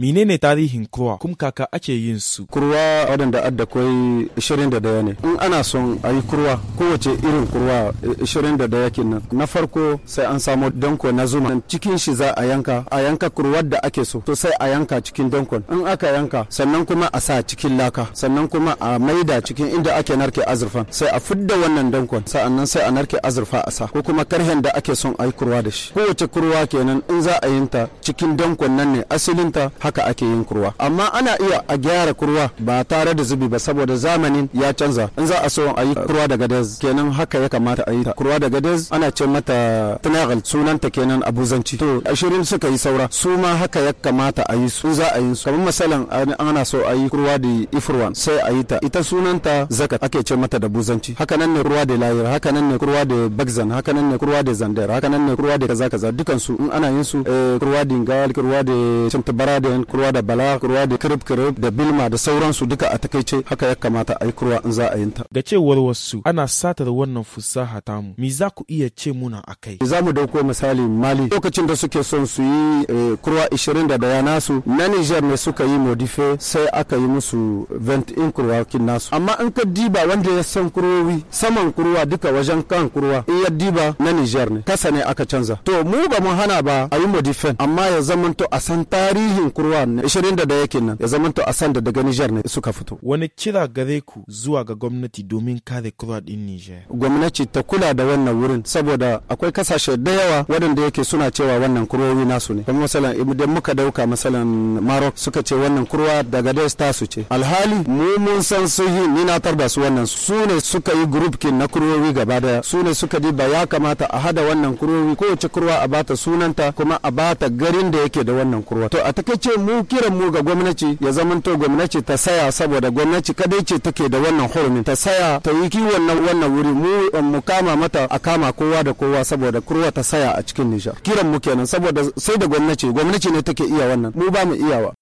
menene tarihin kurwa kuma kaka ake yin su kurwa wadanda adda kai 21 ne in ana son a yi kurwa kowace irin kurwa eh, 21 kenan na farko sai an samo danko na zuma cikin shi za a yanka a yanka kurwar da ake so to sai a yanka cikin dankon in aka yanka sannan kuma a sa cikin laka sannan kuma a maida cikin inda ake narke azurfan sai a fidda wannan dankon sa'annan sai a narke azurfa a sa ko kuma karhen da ake son a yi kurwa da shi kowace kurwa kenan in za a yinta cikin dankon nan ne asalinta haka ake yin kurwa amma ana iya a gyara kurwa ba tare da zubi ba saboda zamanin ya canza in za a so a yi kurwa da gadez kenan haka ya kamata a yi ta kurwa da gadez ana ce mata tunagal ta kenan abuzanci to ashirin suka yi saura su ma haka ya kamata a yi su za a yi su kamar misalin ana so a yi kurwa da ifirwan sai a yi ta ita sunan ta zaka. ake ce mata da buzanci haka nan ne kurwa da layir haka nan ne kurwa da bagzan haka nan ne kurwa da zandar haka nan ne kurwa da kaza kaza dukansu in ana yin su eh, kurwa ingal kurwa da cimtabara da Hussein kurwa da Bala kurwa da Kirib Kirib da Bilma da sauransu duka a takaice haka ya kamata a yi kurwa in za a yin ta. Ga cewar wasu ana satar wannan fusaha tamu miza za ku iya ce muna a kai. Za mu dauko misali Mali lokacin da suke son su yi eh, kurwa 20 da daya nasu na Niger ne suka yi modife sai aka yi musu 20 kurwa kin nasu amma in ka diba wanda ya san kurwowi saman kurwa duka wajen kan kurwa in ya diba na Niger ne kasa ne aka canza to mu ba mu hana ba a yi modifen amma ya zamanto a san tarihin kurwa ruwa ne da daya kenan ya zama to asan da daga Niger ne suka fito wani kira gare ku zuwa ga gwamnati domin kare kura din Niger gwamnati ta kula da wannan wurin saboda akwai kasashe da yawa waɗanda yake suna cewa wannan kurowi nasu ne kamar misalan idan muka dauka misalan Maroc suka ce wannan kurwa daga Des ta su ce alhali mu mun san sun yi ni na tarda su wannan su ne suka yi kin na kurowi gaba daya su ne suka ba ya kamata a hada wannan kurori kowace kurwa a bata sunanta kuma a bata garin da yake da wannan kurwa to a takaice mu kiran mu ga gwamnati ya zamanto gwamnati ta saya saboda gwamnati kadai ce take da wannan hurumin ta saya ta yi kiwon nan wannan wuri mu um, mu kama mata a kama kowa da kowa saboda kurwa ta saya a cikin nishar kiran mu kenan saboda sai da gwamnati gwamnati ne take iya wannan mu ba mu iyawa